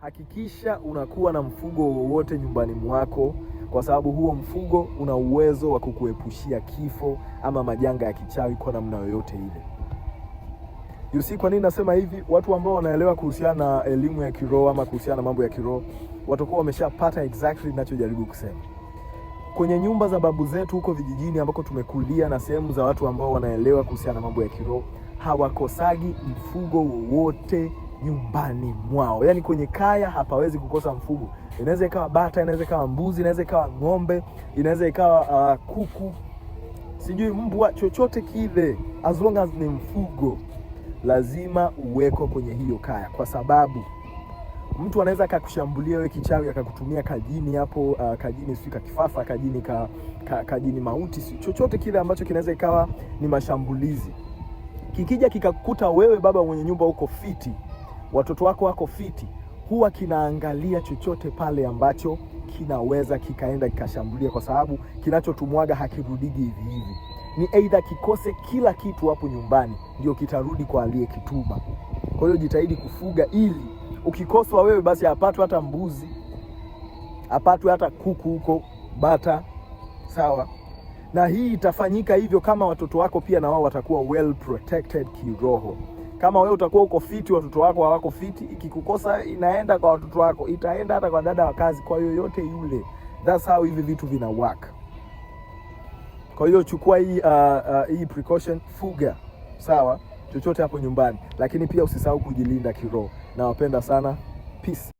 Hakikisha unakuwa na mfugo wowote nyumbani mwako, kwa sababu huo mfugo una uwezo wa kukuepushia kifo ama majanga ya kichawi kwa namna yoyote ile. see, kwa nini nasema hivi? Watu ambao wanaelewa kuhusiana na elimu ya kiroho ama kuhusiana na mambo ya kiroho watakuwa wameshapata exactly ninachojaribu kusema. Kwenye nyumba za babu zetu huko vijijini ambako tumekulia na sehemu za watu ambao wanaelewa kuhusiana na mambo ya kiroho hawakosagi mfugo wowote nyumbani mwao, yaani kwenye kaya hapawezi kukosa mfugo. Inaweza ikawa bata, inaweza ikawa mbuzi, inaweza ikawa ng'ombe, inaweza ikawa uh, kuku, sijui mbwa, chochote kile, as long as ni mfugo lazima uweko kwenye hiyo kaya, kwa sababu mtu anaweza akakushambulia wewe kichawi, akakutumia kajini hapo, uh, kajini sio ka kifafa, kajini ka, ka, kajini mauti, sio chochote kile ambacho kinaweza ikawa ni mashambulizi, kikija kikakuta wewe baba mwenye nyumba uko fiti watoto wako wako fiti, huwa kinaangalia chochote pale ambacho kinaweza kikaenda kikashambulia, kwa sababu kinachotumwaga hakirudigi hivi hivi. Ni aidha kikose kila kitu hapo nyumbani, ndio kitarudi kwa aliyekituma. Kwa hiyo jitahidi kufuga, ili ukikoswa wewe, basi apatwe hata mbuzi, apatwe hata kuku huko, bata. Sawa na hii itafanyika hivyo kama watoto wako pia na wao watakuwa well protected kiroho. Kama wewe utakuwa uko fiti, watoto wako hawako fiti, ikikukosa inaenda kwa watoto wako, itaenda hata kwa dada wa kazi, kwa yoyote yule. That's how hivi vitu vina work. Kwa hiyo chukua hii uh, uh, hii precaution, fuga sawa, chochote hapo nyumbani, lakini pia usisahau kujilinda kiroho. Nawapenda sana, peace.